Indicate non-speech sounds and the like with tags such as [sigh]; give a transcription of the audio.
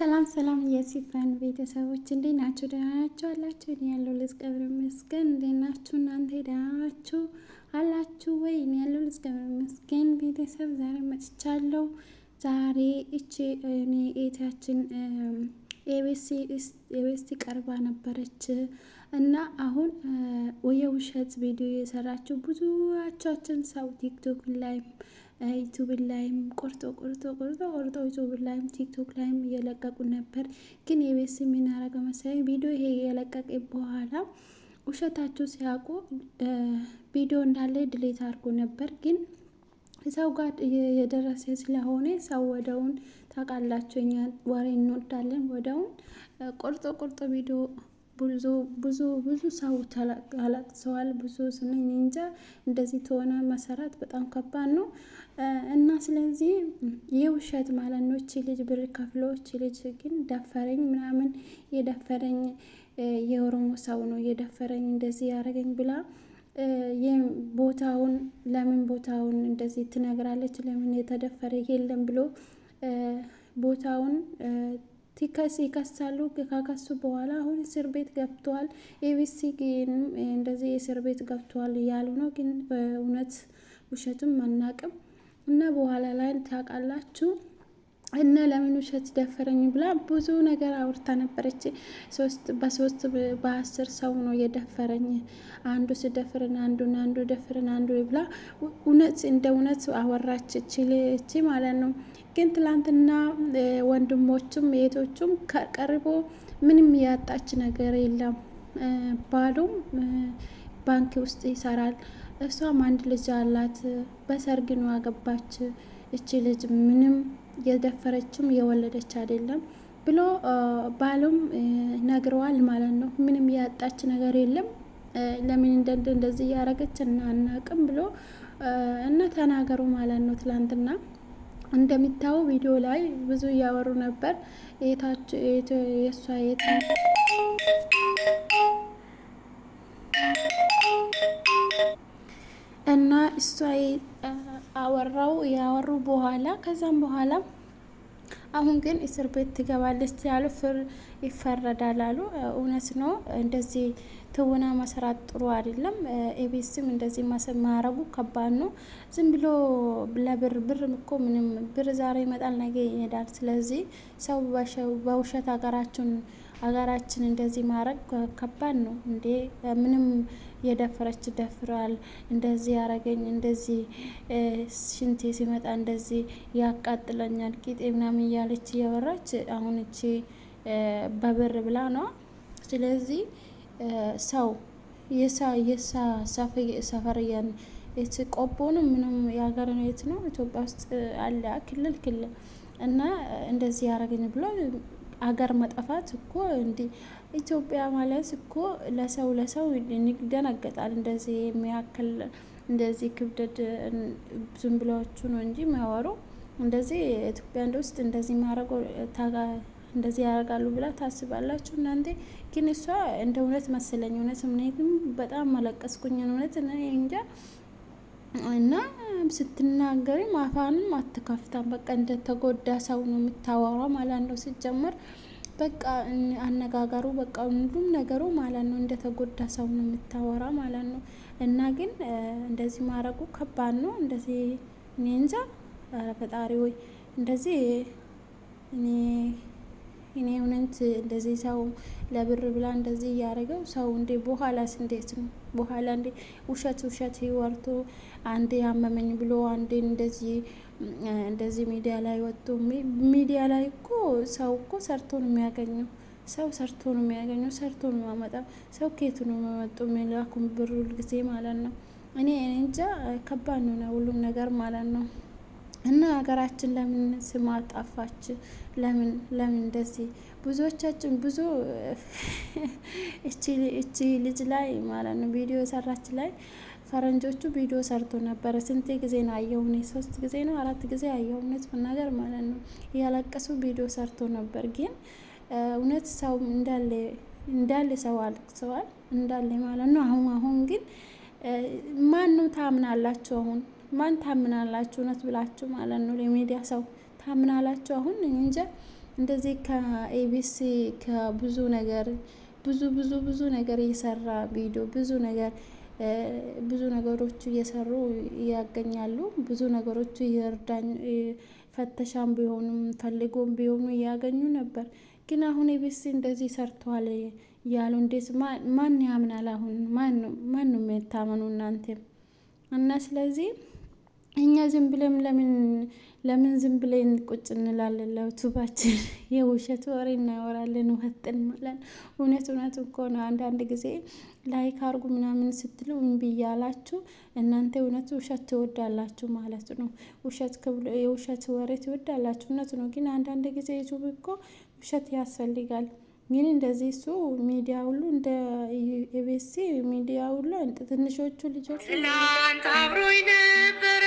ሰላም ሰላም የሲፈን ቤተሰቦች እንዴ ናችሁ? ደህና ናችሁ አላችሁ? እኔ ያለው ልዝቀብር መስገን እንዴ ናችሁ እናንተ ደህና ናችሁ አላችሁ ወይ? እኔ ያለው ልዝቀብር መስገን ቤተሰብ ዛሬ መጥቻለሁ። ዛሬ እቺ እኔ ኤታችን ኤቤሲ ቀርባ ነበረች እና አሁን የውሸት ቪዲዮ የሰራችሁ ብዙዎቻችን ሰው ቲክቶክ ላይ ዩቱብ ላይም ቆርጦ ቆርጦ ቆርጦ ቆርጦ ዩቱብ ላይም ቲክቶክ ላይም እየለቀቁ ነበር። ግን የቤት ስም የምናረገ መሰለኝ ቪዲዮ ይሄ የለቀቀ በኋላ ውሸታችሁ ሲያውቁ ቪዲዮ እንዳለ ድሌት አድርጎ ነበር። ግን ሰው ጋር የደረሰ ስለሆነ ሰው ወደውን ታውቃላችሁ፣ እኛ ወሬ እንወዳለን። ወደውን ቆርጦ ቆርጦ ቪዲዮ ብዙ ብዙ ብዙ ሰው ተላቅሰዋል። ብዙ ስንኝ እንጃ እንደዚህ ተሆነ መሰራት በጣም ከባድ ነው። እና ስለዚህ የውሸት ማለት ነው። እቺ ልጅ ብር ከፍሎ እቺ ልጅ ግን ደፈረኝ ምናምን የደፈረኝ የኦሮሞ ሰው ነው የደፈረኝ እንደዚህ ያደረገኝ ብላ ቦታውን ለምን ቦታውን እንደዚህ ትነግራለች? ለምን የተደፈረ የለም ብሎ ቦታውን ቲከስ ይከሳሉ። ከከሱ በኋላ አሁን እስር ቤት ገብተዋል። ኤቢሲ እንደዚህ እስር ቤት ገብተዋል እያሉ ነው። ግን እውነት ውሸትም አናቅም። እና በኋላ ላይ ታውቃላችሁ እና ለምን ውሸት ደፈረኝ ብላ ብዙ ነገር አውርታ ነበረች። በሶስት በአስር ሰው ነው የደፈረኝ፣ አንዱ ስደፍርን፣ አንዱን አንዱ ደፍርን፣ አንዱ ብላ እውነት እንደ እውነት አወራች ችልች ማለት ነው። ግን ትላንትና ወንድሞቹም ቤቶቹም ቀርቦ ምንም ያጣች ነገር የለም ባሉም ባንክ ውስጥ ይሰራል እሷም አንድ ልጅ አላት። በሰርግ ነው ያገባች። እቺ ልጅ ምንም የደፈረችም የወለደች አይደለም ብሎ ባሉም ነግረዋል ማለት ነው። ምንም ያጣች ነገር የለም ለምን እንደንድ እንደዚህ እያደረገች እና አናቅም ብሎ እና ተናገሩ ማለት ነው። ትላንትና እንደሚታዩ ቪዲዮ ላይ ብዙ እያወሩ ነበር የታቸው የእሷ የት እና እሷ አወራው ያወሩ በኋላ ከዛም በኋላ አሁን ግን እስር ቤት ትገባለች ያሉ ፍር ይፈረዳል አሉ። እውነት ነው። እንደዚህ ትውና መስራት ጥሩ አይደለም። ኤቤስም እንደዚህ ማረጉ ከባድ ነው። ዝም ብሎ ለብር ብር እኮ ምንም ብር ዛሬ ይመጣል ነገ ይሄዳል። ስለዚህ ሰው በውሸት ሀገራችን አገራችን እንደዚህ ማድረግ ከባድ ነው እንዴ! ምንም የደፈረች ደፍረዋል። እንደዚህ ያረገኝ እንደዚህ ሽንቴ ሲመጣ እንደዚህ ያቃጥለኛል ቂጤ ምናምን እያለች እያወራች አሁን እቺ በብር ብላ ነው። ስለዚህ ሰው የሳ ሰፈር ሰፈርያን ቆቦ ነው ምንም የሀገር ነው የት ነው ኢትዮጵያ ውስጥ አለ ክልል ክልል እና እንደዚህ ያረገኝ ብሎ አገር መጠፋት እኮ እንዲ ኢትዮጵያ ማለት እኮ ለሰው ለሰው ይደነገጣል። እንደዚህ የሚያክል እንደዚህ ክብደት ዝም ብላችሁ ነው እንጂ የሚያወሩ እንደዚህ ኢትዮጵያ ውስጥ እንደዚህ የሚያደርገው እንደዚህ ያደርጋሉ ብላ ታስባላችሁ እናንተ። ግን እሷ እንደ እውነት መሰለኝ እውነት ምክንያቱም በጣም መለቀስኩኝን እውነት እንጃ እና ስትናገሪ ማፋንም አትከፍታም። በቃ እንደተጎዳ ሰው ነው የምታወራ ማለት ነው። ሲጀመር በቃ አነጋገሩ በቃ ሁሉም ነገሩ ማለት ነው እንደተጎዳ ሰው ነው የምታወራ ማለት ነው። እና ግን እንደዚህ ማድረጉ ከባድ ነው። እንደዚህ እኔ እንጃ ፈጣሪ ወይ እንደዚህ እኔ እኔ እውነት እንደዚህ ሰው ለብር ብላ እንደዚህ እያደረገው ሰው እንዴ በኋላ ስንዴት ነው? በኋላ እንዴ ውሸት ውሸት ወርቶ አንዴ አመመኝ ብሎ አንዴ እንደዚህ እንደዚህ ሚዲያ ላይ ወጥቶ ሚዲያ ላይ እኮ ሰው እኮ ሰርቶ ነው የሚያገኘው ሰው ሰርቶ ነው የሚያገኘው። ሰርቶ ነው የሚያመጣው። ሰው ኬቱ ነው የሚመጡ የሚላኩም ብር ሁልጊዜ ማለት ነው። እኔ እንጃ ከባድ ነው ሁሉም ነገር ማለት ነው። እና ሀገራችን ለምን ስሟ ጠፋች? ለምን ለምን እንደዚህ ብዙዎቻችን ብዙ እቺ ልጅ ላይ ማለት ነው ቪዲዮ የሰራች ላይ ፈረንጆቹ ቪዲዮ ሰርቶ ነበረ። ስንቴ ጊዜ ነው አየው? እኔ ሶስት ጊዜ ነው አራት ጊዜ አየው። እውነት ነገር ማለት ነው እያለቀሱ ቪዲዮ ሰርቶ ነበር። ግን እውነት ሰው እንዳለ እንዳለ ሰው አልቅሰዋል እንዳለ ማለት ነው። አሁን አሁን ግን ማን ነው ታምናላችሁ አሁን ማን ታምናላችሁ? እውነት ብላችሁ ማለት ነው የሚዲያ ሰው ታምናላችሁ? አሁን እንጃ እንደዚህ ከኤቢሲ ከብዙ ነገር ብዙ ብዙ ብዙ ነገር እየሰራ ቪዲዮ ብዙ ነገር ብዙ ነገሮቹ እየሰሩ ያገኛሉ። ብዙ ነገሮቹ ይርዳኝ ፈተሻም ቢሆኑም ፈልጎም ቢሆኑ እያገኙ ነበር። ግን አሁን ኤቢሲ እንደዚህ ሰርተዋል እያሉ እንዴት ማን ያምናል? አሁን ማን ነው የሚታመኑ እናንተም እና ስለዚህ እኛ ዝም ብለን ለምን ለምን ዝም ብለን ቁጭ እንላለን? ለቱባችን [laughs] የውሸት ወሬ እናወራለን። ወጥን ማለት እውነት እውነት እኮ ነው። አንዳንድ ጊዜ ላይክ አርጉ ምናምን ስትሉ እምቢ እያላችሁ እናንተ እውነት ውሸት ትወዳላችሁ ማለት ነው። ውሸት የውሸት ወሬ ትወዳላችሁ እውነት ነው። ግን አንዳንድ ጊዜ ዩቱብ እኮ ውሸት ያስፈልጋል። ግን እንደዚህ እሱ ሚዲያ ሁሉ እንደ ኤቢሲ ሚዲያ ሁሉ ትንሾቹ ልጆች ትናንት አብሮኝ ነበር